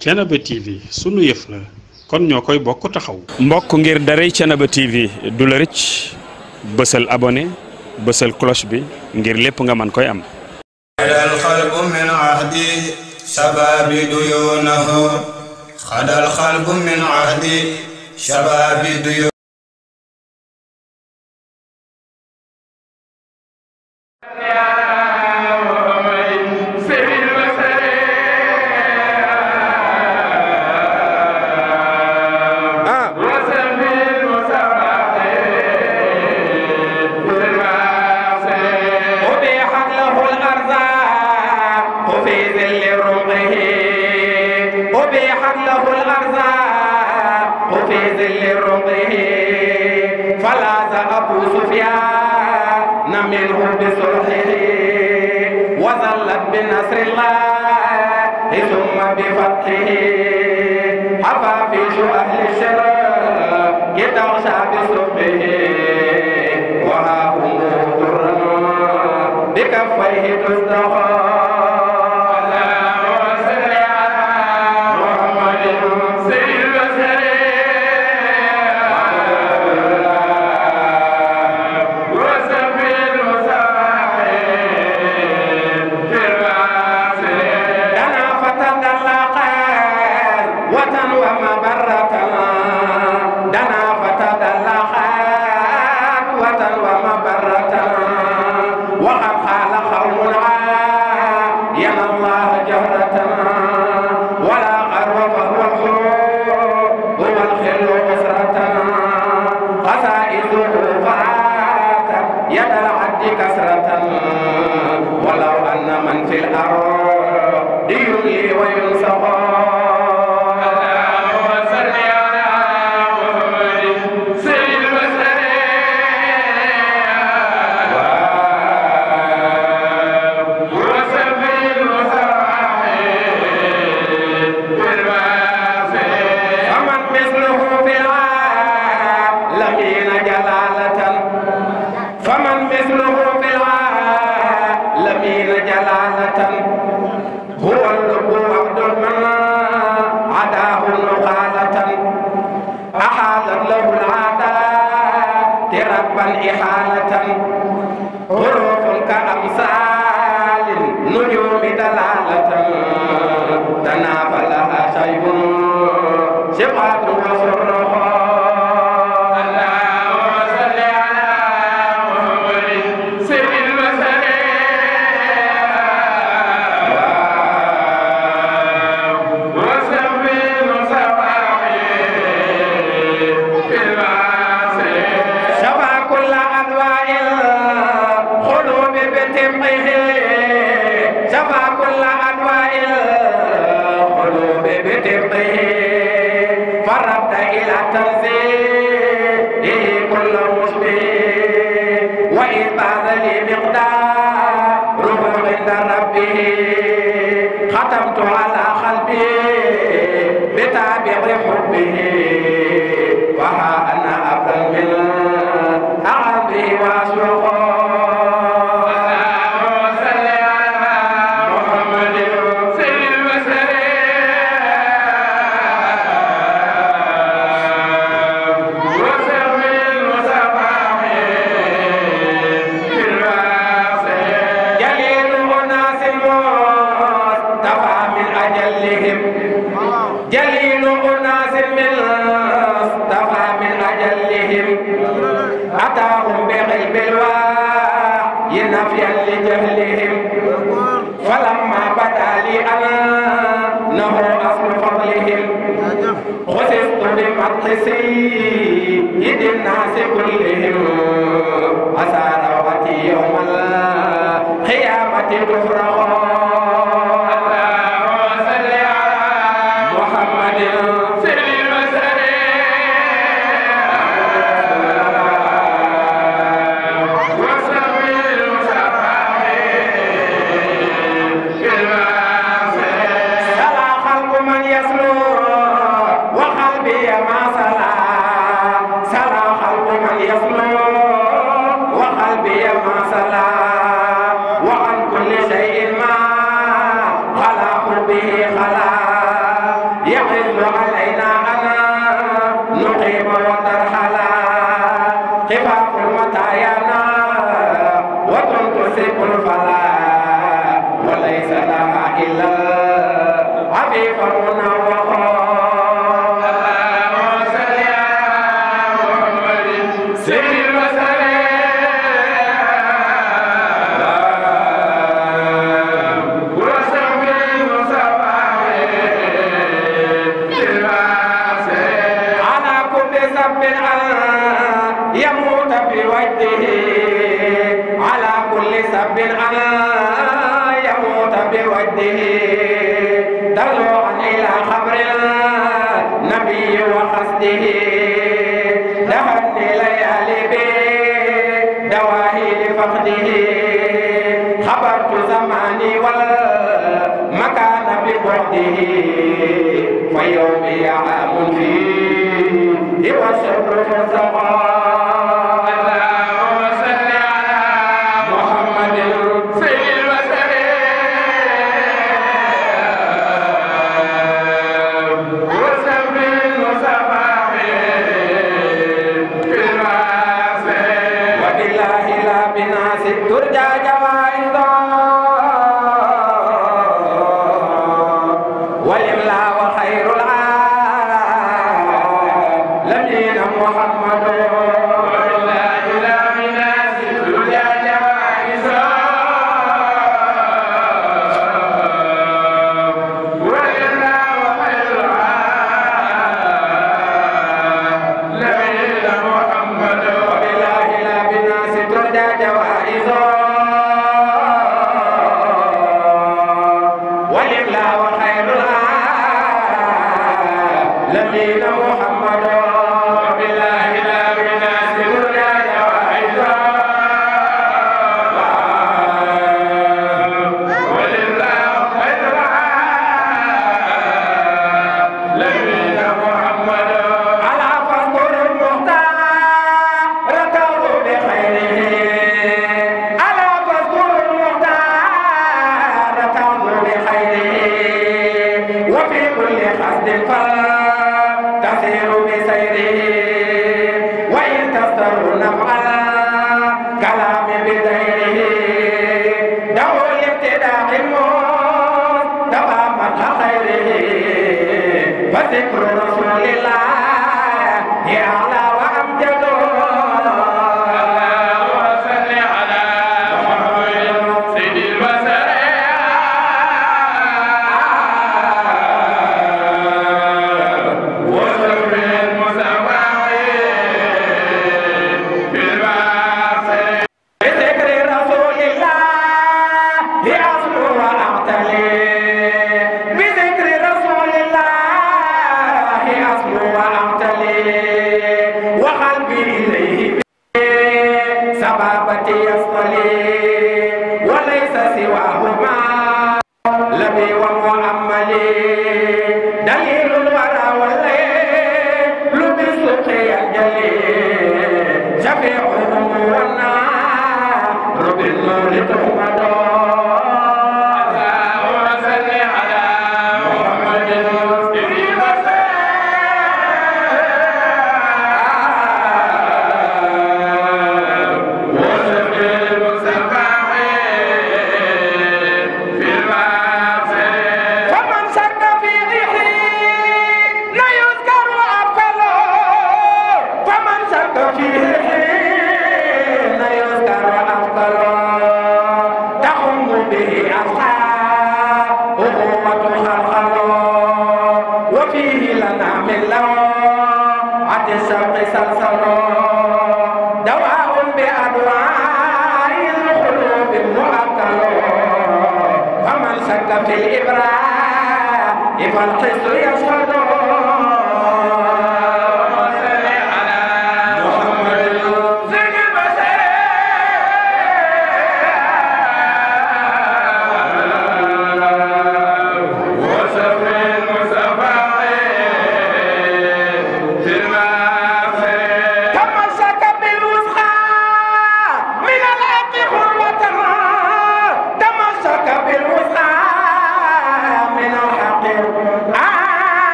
Thiénaba TV sunu yëf la kon ñoo koy bokk taxaw. mbokk ngir daray Thiénaba TV du la rëcc bësal abonné bësal cloche bi ngir lépp nga man koy am. xadal xalbu min ahdi shababi duyunahu xadal xalbu min ahdi shababi duyunahu بحق سيد الناس كلهم أسى روحتي يوم القيامة تفرغ ويوم يعام فيه وشر فزعه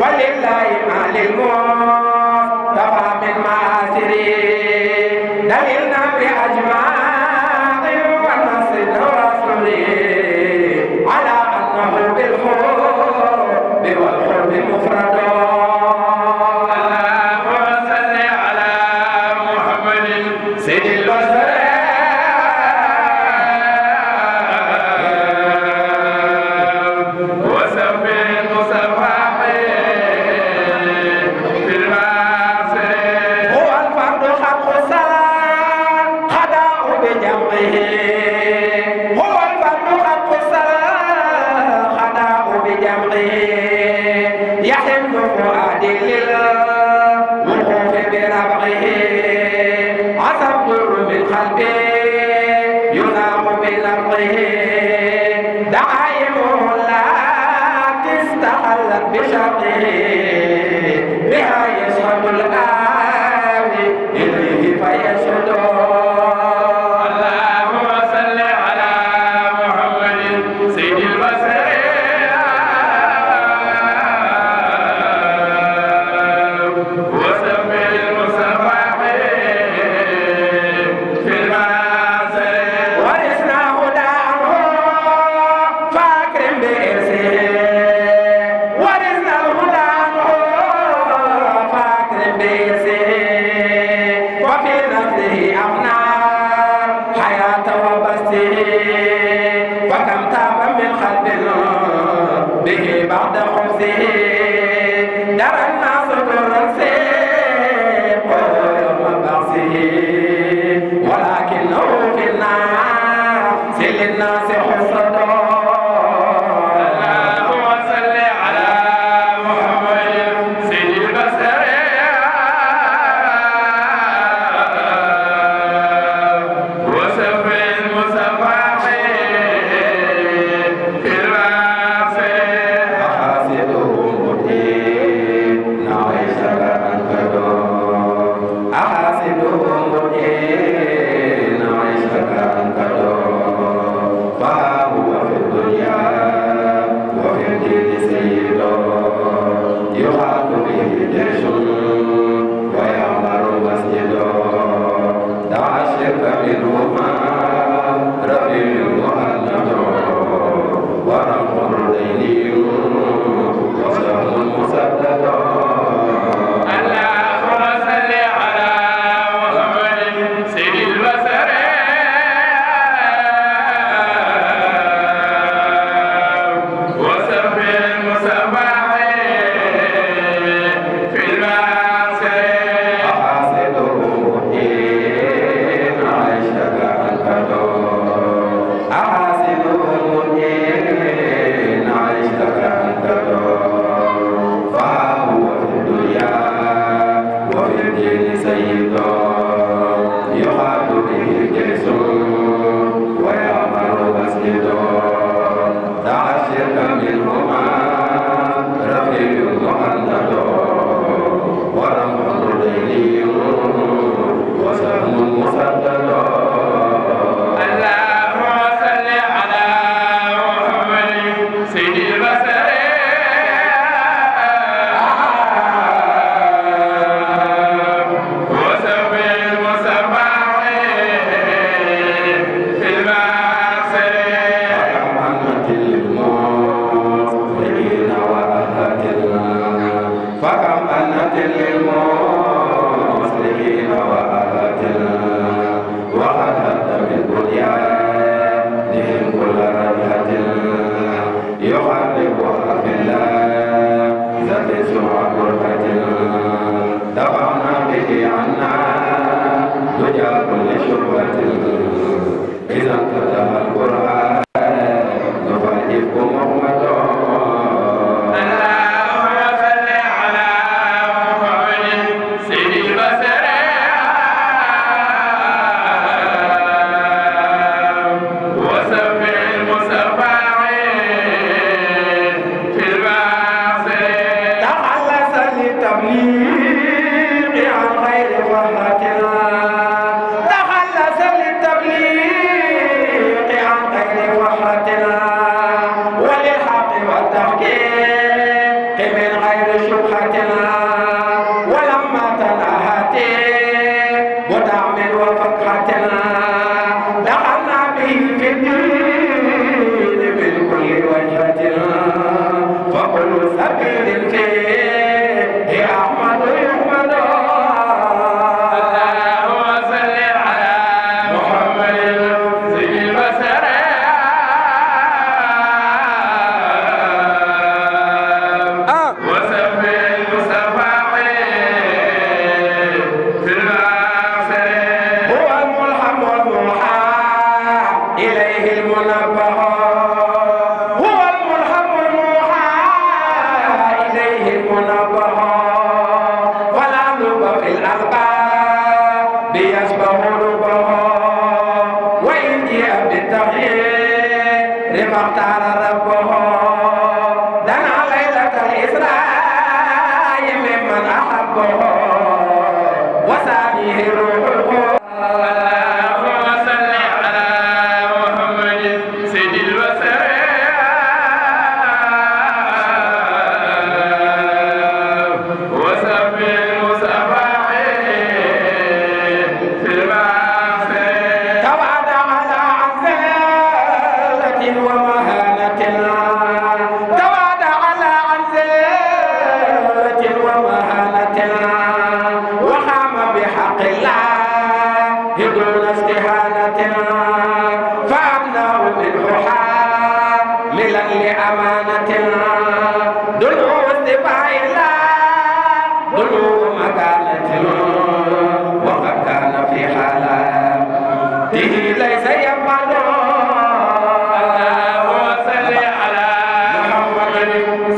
ولله وتنزيلا إذا انتهى القرآن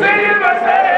Seydi Bassirou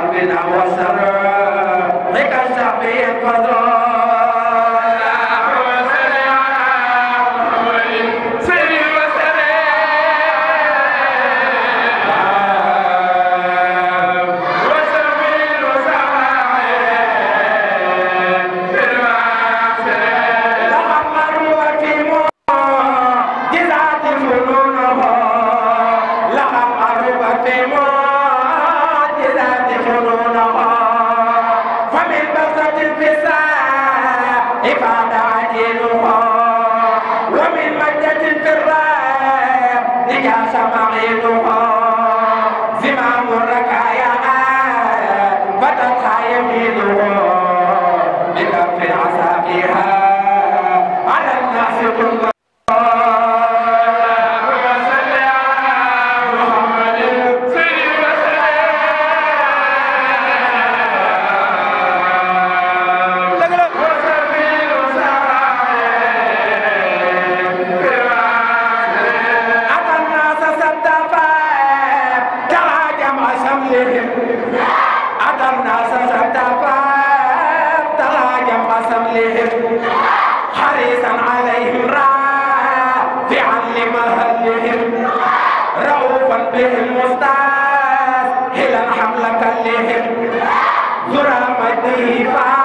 حرب أو سراء ضيق الشعب القضاء مهلهم رؤوفا بهم مستاس حلا حمل كلهم زرع مجده فعال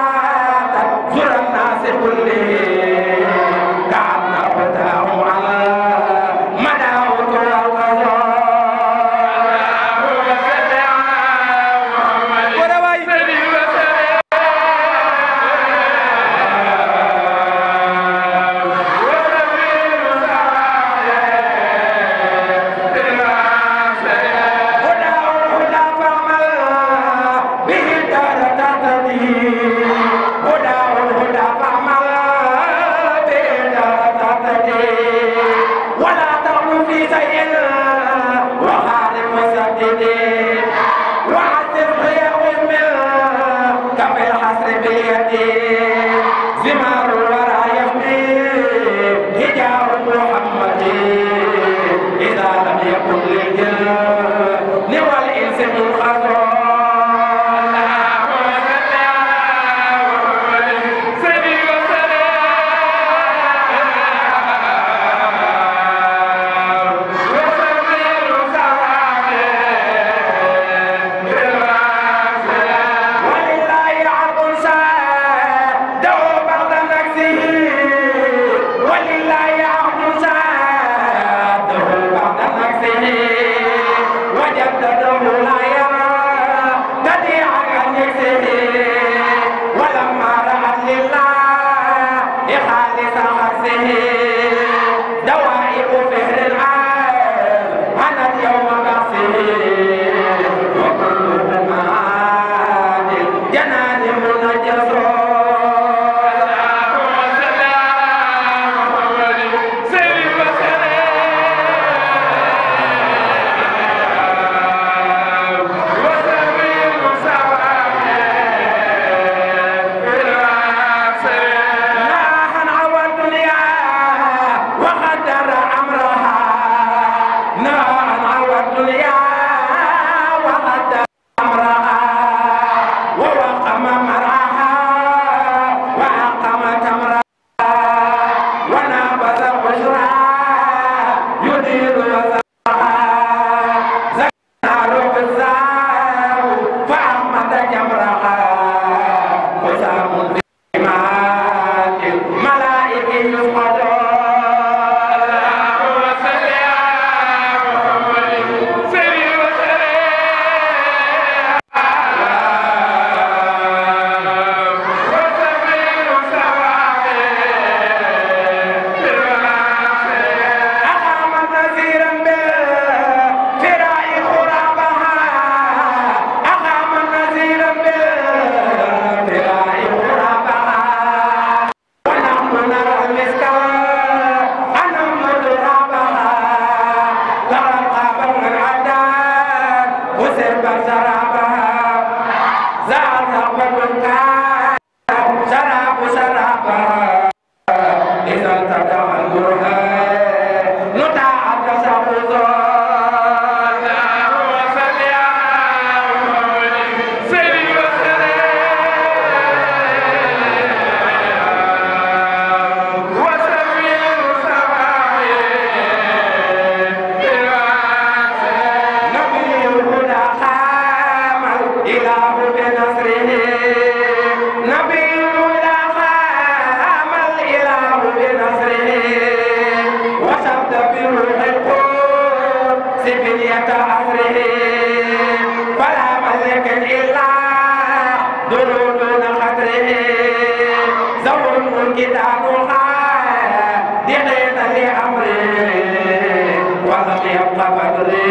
টাকা করে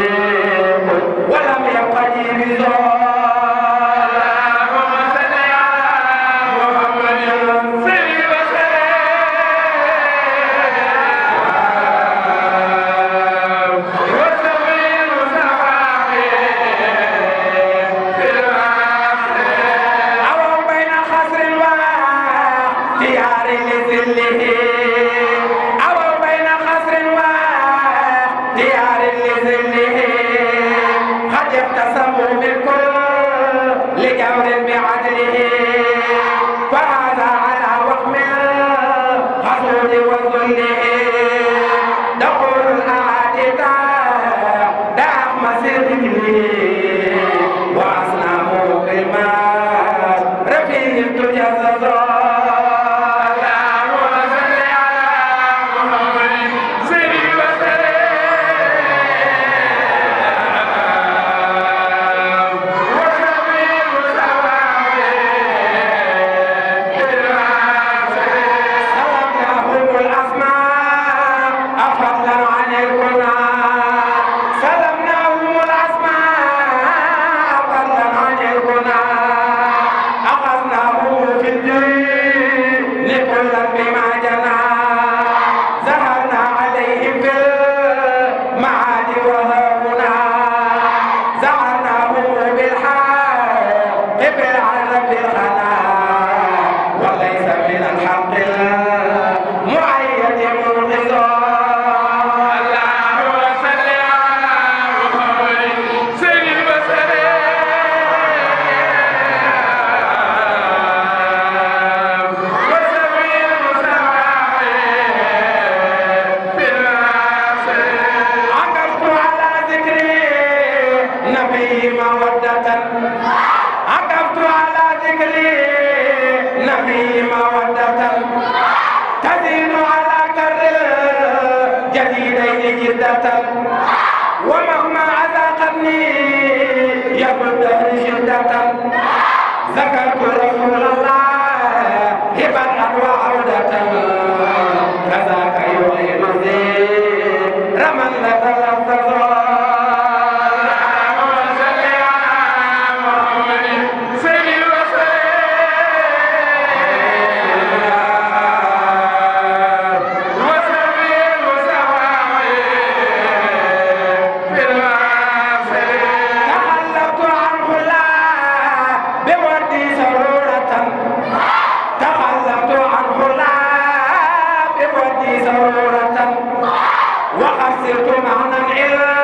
وحسرت معنى العلم